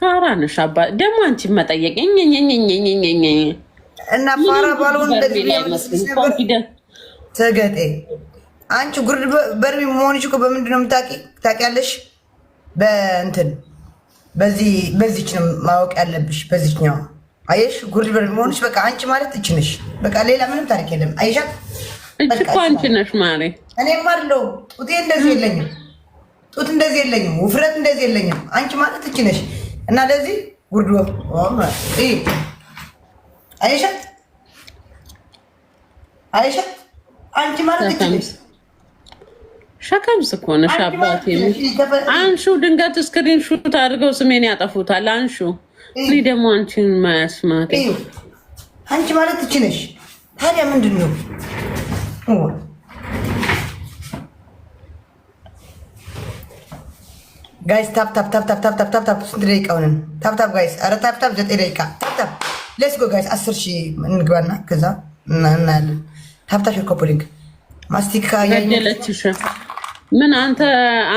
ፋራ ነሽ አባ ደግሞ አንቺ መጠየቅ እና ፋራ ባልሆን ተገጤ አንቺ ጉርድ በርቢ መሆንሽ እኮ በምንድን ነው የምታውቂ ታውቂያለሽ በእንትን በዚህ በዚች ነው ማወቅ ያለብሽ በዚችኛው አየሽ ጉርድ በርቢ መሆንሽ በቃ አንቺ ማለት እች ነሽ በቃ ሌላ ምንም ታሪክ የለም አይሻ እች እኮ አንቺ ነሽ ማሬ እኔም አለው ጡቴ እንደዚህ የለኝም ጡት እንደዚህ የለኝም ውፍረት እንደዚህ የለኝም አንቺ ማለት እች ነሽ እና ለዚህ ጉርድ አይሸት አይሸት አንቺ ማለት ሸከምስ እኮ ነሽ አባቴ። አንሹ ድንገት ስክሪን ሹት አድርገው ስሜን ያጠፉታል። አንሹ እኔ ደግሞ አንቺን ማያስማት አንቺ ማለት ትችነሽ ታዲያ ምንድን ነው? ጋይስ ታፕ ታፕ ታፕ ታፕ ታፕ ታፕ ታፕ ስንት ደቂቃ ሆነን? ታፕ ታፕ ጋይስ፣ ኧረ ታፕ ታፕ ዘጠኝ ደቂቃ ታፕ ታፕ። ሌትስ ጎ ጋይስ፣ አስር ሺህ እንግባና ከዛ እናያለን። ታፕ ታፕ ኮፕሊንግ ማስቲካ ገደለችሽ። ምን አንተ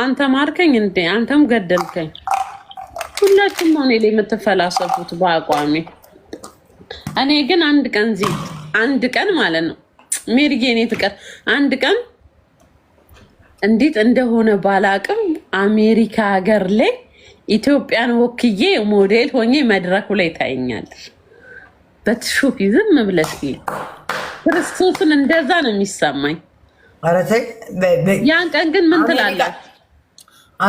አንተ ማርከኝ እንዴ? አንተም ገደልከኝ። ሁላችሁም ነው ላይ የምትፈላሰፉት በአቋሚ። እኔ ግን አንድ ቀን እዚህ አንድ ቀን ማለት ነው ሜሪጌኔ ፍቅር አንድ ቀን እንዴት እንደሆነ ባላቅም አሜሪካ ሀገር ላይ ኢትዮጵያን ወክዬ ሞዴል ሆኜ መድረኩ ላይ ታይኛለሽ። በትሹፍ ዝም ብለሽ ክርስቶስን እንደዛ ነው የሚሰማኝ። ያን ቀን ግን ምን ትላለሽ?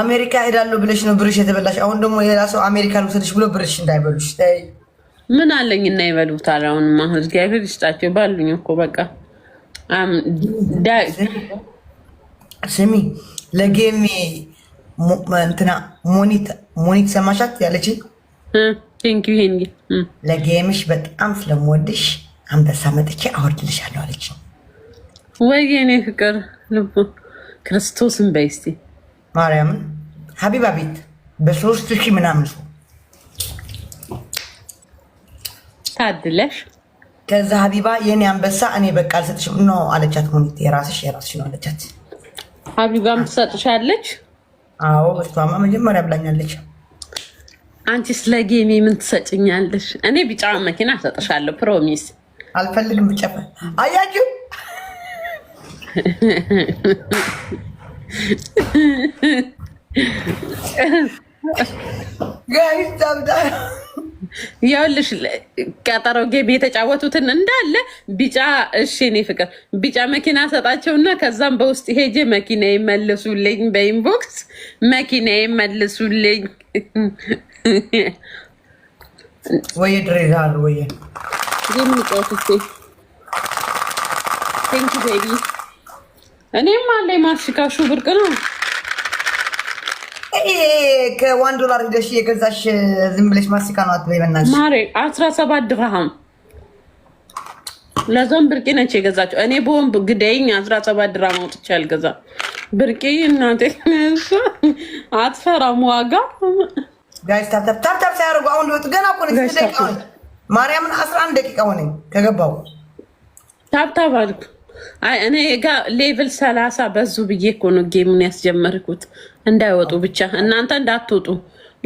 አሜሪካ ሄዳለሁ ብለሽ ነው ብርሽ የተበላሽ። አሁን ደግሞ ሌላ ሰው አሜሪካ ልውሰድሽ ብሎ ብርሽ እንዳይበሉሽ። ምን አለኝ እና ይበሉታል። አሁንማ እግዚአብሔር ይስጣቸው ባሉኝ እኮ በቃ ስሚ ለጌሜ እንትና ሞኒት ሰማሻት ያለችን ለጌምሽ በጣም ስለምወድሽ አንበሳ መጥቼ አወርድልሻለሁ አለችኝ። ወይ የኔ ፍቅር ልቡ ክርስቶስን በይስቲ ማርያምን ሀቢባ ቤት በሶስት ሺህ ምናምን ሰው ታድለሽ። ከዛ ሀቢባ የኔ አንበሳ እኔ በቃ አልሰጥሽም ኖ አለቻት። ሞኒት የራስሽ የራስሽ ነው አለቻት። ሀቢባም ትሰጥሻለች አዎ እሷማ መጀመሪያ ብላኛለች። ስለ ጌሚ ምን ትሰጭኛለሽ? እኔ ቢጫ መኪና ሰጥሻለሁ፣ ፕሮሚስ አልፈልግም። ብቻ አያችሁ ጋይስ ይኸውልሽ ቀጠሮ ጌም የተጫወቱትን እንዳለ ቢጫ እሺ፣ እኔ ፍቅር ቢጫ መኪና ሰጣቸውና ከዛም በውስጥ ሄጄ መኪና ይመልሱልኝ፣ በኢንቦክስ መኪና ይመልሱልኝ። ወይ ድሬዛል ወይ የሚጫወት ቴንኪ ቤቢ እኔም አለ ማስካሹ ብርቅ ነው ከዋን ዶላር ሄደሽ የገዛሽ ዝም ብለሽ ማስቲካ ነው አትበይ፣ በእናትሽ ማሬ። አስራ ሰባት ድርሃም ለዛም ብርቄ ነች የገዛቸው። እኔ በወንብ ግደይኝ አስራ ሰባት ድርሃም አውጥቼ አልገዛም። ብርቄ እናቴ አትፈራም ዋጋ ጋይስ ታብታብታብ ሳያደርጉ አሁን ሊወጡ ገና እኮ ነው። ማርያምን አስራ አንድ ደቂቃ ሆነኝ ከገባው ታብታብ አልኩ። አይ እኔ ጋ ሌቭል ሰላሳ በዙ ብዬ እኮ ነው ጌሙን ያስጀመርኩት። እንዳይወጡ ብቻ እናንተ እንዳትወጡ፣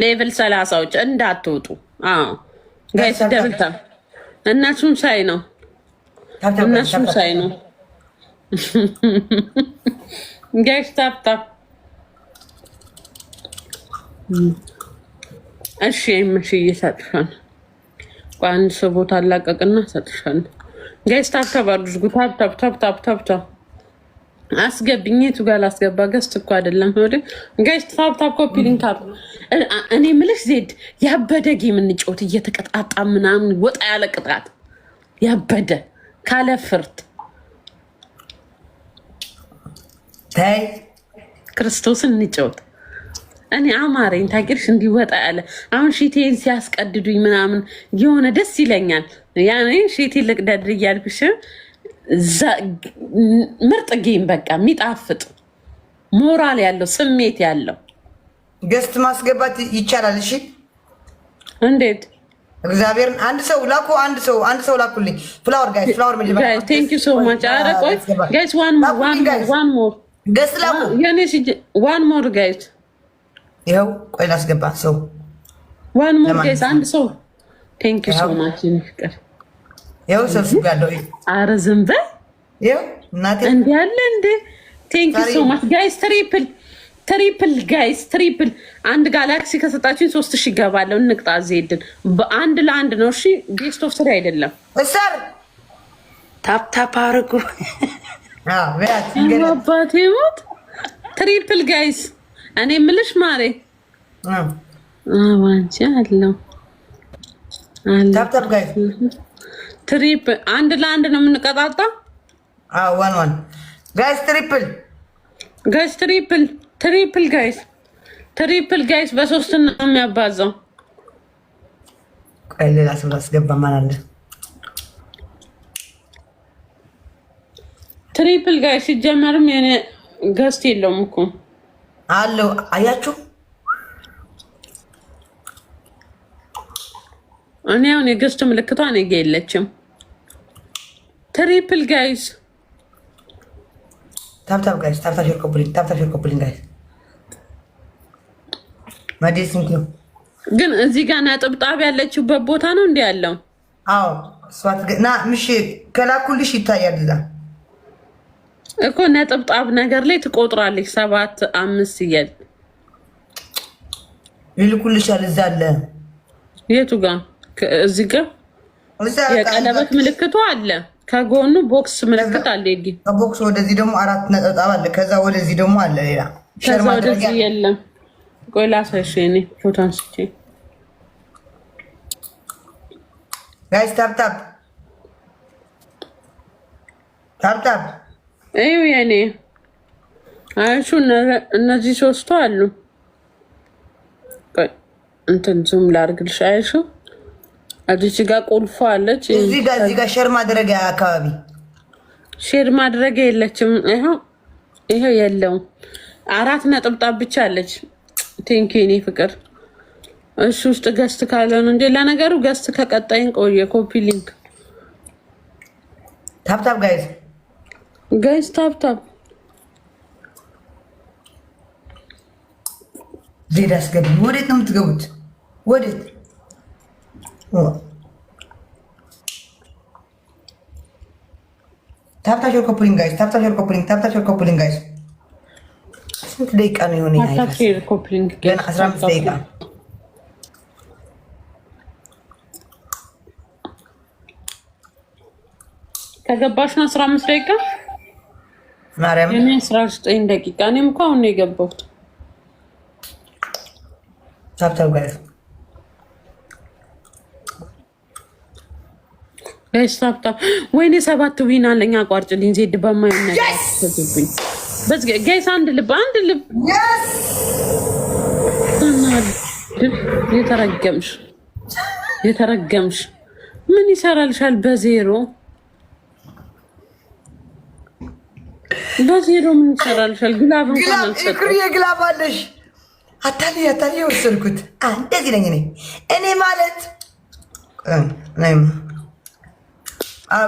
ሌቭል ሰላሳዎች እንዳትወጡ። ጋይስ ደብልታ እነሱም ሳይ ነው እነሱም ሳይ ነው ጋይስ ታብታ። እሺ ምሽ እሰጥሻለሁ። ቋንስ ቦታ አላቀቅና እሰጥሻለሁ። ጋይስ ታብታብ አድርጉ። ታብታብ ታብታብ ታብታብ አስገብኝ የቱ ጋር ላስገባ? ገስት እኮ አይደለም ወደ ገስት ታብ ኮፒ ሊንክ አብ እኔ ምልሽ ዜድ ያበደ ጌም እንጫወት እየተቀጣጣ ምናምን ወጣ ያለ ቅጣት ያበደ ካለ ፍርድ ታይ ክርስቶስን እንጫወት። እኔ አማረኝ ታቂርሽ እንዲወጣ ያለ አሁን ሺቴን ሲያስቀድዱኝ ምናምን የሆነ ደስ ይለኛል። ያኔ ሺቴን ልቅደድር እያልኩሽ ምርጥ ጌም በቃ የሚጣፍጥ ሞራል ያለው ስሜት ያለው ገስት ማስገባት ይቻላል። እሺ እንዴት እግዚአብሔርን አንድ ሰው ላኩ፣ አንድ ሰው አንድ ሰው ላኩልኝ። ፍላወር ጋይስ ፍላወር መጀመሪያ ቴንክ ዩ ሶ ማች። ኧረ ቆይ ጋይስ ዋን ሞር ዋን ሞር ዋን ሞር ገስት ላኩ፣ የኔ ሲጅ ዋን ሞር ጋይስ። ይኸው ቆይ ላስገባ ሰው ዋን ሞር ጋይስ፣ አንድ ሰው ቴንክ ዩ ሶ ማች ይቅር ይኸው ዝም እንዲህ አለ ቴንክ ሶ ማች ጋይስ ትሪፕል ትሪፕል ጋይስ ትሪፕል አንድ ጋላክሲ ከሰጣችን ሶስት ሺ ይገባለሁ። እንቅጣ ዜድን በአንድ ለአንድ ነው። እሺ ቤስት ኦፍ ስሪ አይደለም። እሰር ታፕታፕ አርጉ አባቴ ሞት ትሪፕል ጋይስ እኔ ምልሽ ማሬ ዋንጫ አለው ትሪፕ አንድ ለአንድ ነው የምንቀጣጣ። ዋን ዋን ጋይስ ትሪፕል ጋይስ ትሪፕል ትሪፕል ጋይስ ትሪፕል ጋይስ በሶስት ነው የሚያባዛው። ቆይ ሌላ ሰው ላስገባ ማናለ ትሪፕል ጋይስ ሲጀመርም የኔ ገስት የለውም እኮ አለው አያችሁ እኔ አሁን የገስት ምልክቷ እኔ ጋ የለችም። ትሪፕል ጋይስ ታብታብ ጋይስ ታብታብ ሼር ኮፕሊንግ ታብታብ ሼር ኮፕሊንግ ጋይስ ማዲስ ንክ ነው። ግን እዚህ ጋር ነጥብጣብ ያለችበት ቦታ ነው እንዲ ያለው። አዎ እሷት ና ምሽ ከላኩልሽ ይታያል። እዛ እኮ ነጥብጣብ ነገር ላይ ትቆጥራለች። ሰባት አምስት እያል ይልኩልሻል። እዛ አለ የቱ ጋር እዚህ ጋር የቀለበት ምልክቱ አለ። ከጎኑ ቦክስ ምልክት አለ። ከቦክስ ወደዚህ ደግሞ አራት ነጠብጣብ አለ። ከዛ ወደዚህ ደግሞ አለ ሌላ። ከዛ ወደዚህ የለም። ቆይ ላሳይሽ። እኔ ፎቶ አንስቼ ጋይስ የኔ አይሹ እነዚህ ሶስቱ አሉ። እንትን ዙም ላርግልሽ አይሹ አዲስ ጋ ቁልፎ አለች። እዚህ ጋ እዚህ ጋ ሼር ማድረግ አካባቢ ሼር ማድረግ የለችም። ይኸው ይኸው የለውም። አራት ነጥብጣብ ብቻ አለች። ቴንኪ ኔ ፍቅር እሱ ውስጥ ገስት ካለ ነው እንጂ ለነገሩ ገስት ከቀጣይን ቆየ። ኮፒ ሊንክ ታብታብ ጋይዝ ጋይዝ ታብታብ ዜድ አስገቢ። ወዴት ነው የምትገቡት? ወዴት თავთავ შეკოპლინგაის თავთავ შეკოპლინგ თავთავ შეკოპლინგაის ისეთი დეი კანიონი აი თავთავ შეკოპლინგი და ასრამ დეიკა когда башна срам срека марем я не срал что индеки канем ко унигебот завтра гуляю ስታፕ ወይኔ፣ ሰባት ዊን አለኝ። አቋርጭልኝ ዜድ በማይሆን ነገር አንድ ልብ፣ አንድ ልብ። የተረገምሽ የተረገምሽ፣ ምን ይሰራልሻል? በዜሮ በዜሮ ምን ይሰራልሻል? ግላብ እንኳን አልሰጠሁም። ግላብ አለሽ። አታልዬ አታልዬ ወሰድኩት። እንደዚህ ነኝ እኔ እኔ ማለት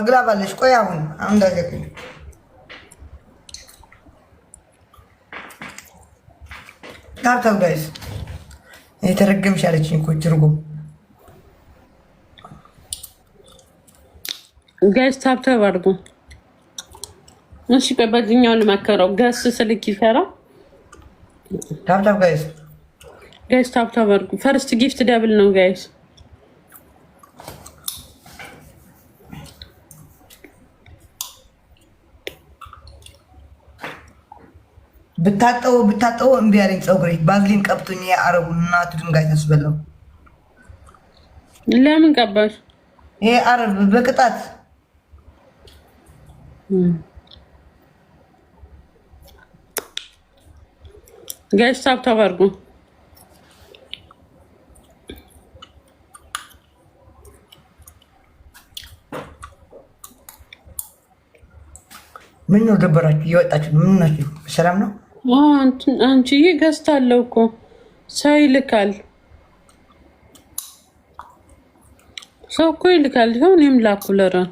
ግላባለች። ቆይ አሁን አሁን እንዳዘግኝ ታብታብ ጋይስ የተረገምሽ አለችኝ እኮ ትርጉም ጋይስ ታብታብ አድርጉ። እሺ ቆይ በዚህኛው ልመከረው ገስ ስልክ ይሰራ። ታብታብ ጋይስ ጋይስ ታብታብ አድርጉ። ፈርስት ጊፍት ደብል ነው ጋይስ ብታጠበው ብታጠበው እምቢ አለኝ። ፀጉሬ ባዝሊን ቀብቶኝ የአረቡ እናቱ ድንጋይ ታስበላው። ለምን ቀባሽ? ይሄ አረብ በቅጣት ጋሽ ሳብ ተፈርጉ ምን ነው ደበራችሁ? እየወጣችሁ ምን ናችሁ? ሰላም ነው አንቺዬ ገዝታለሁ እኮ ሰው ይልካል፣ ሰው እኮ ይልካል። ይኸው እኔም ላኩ ለራን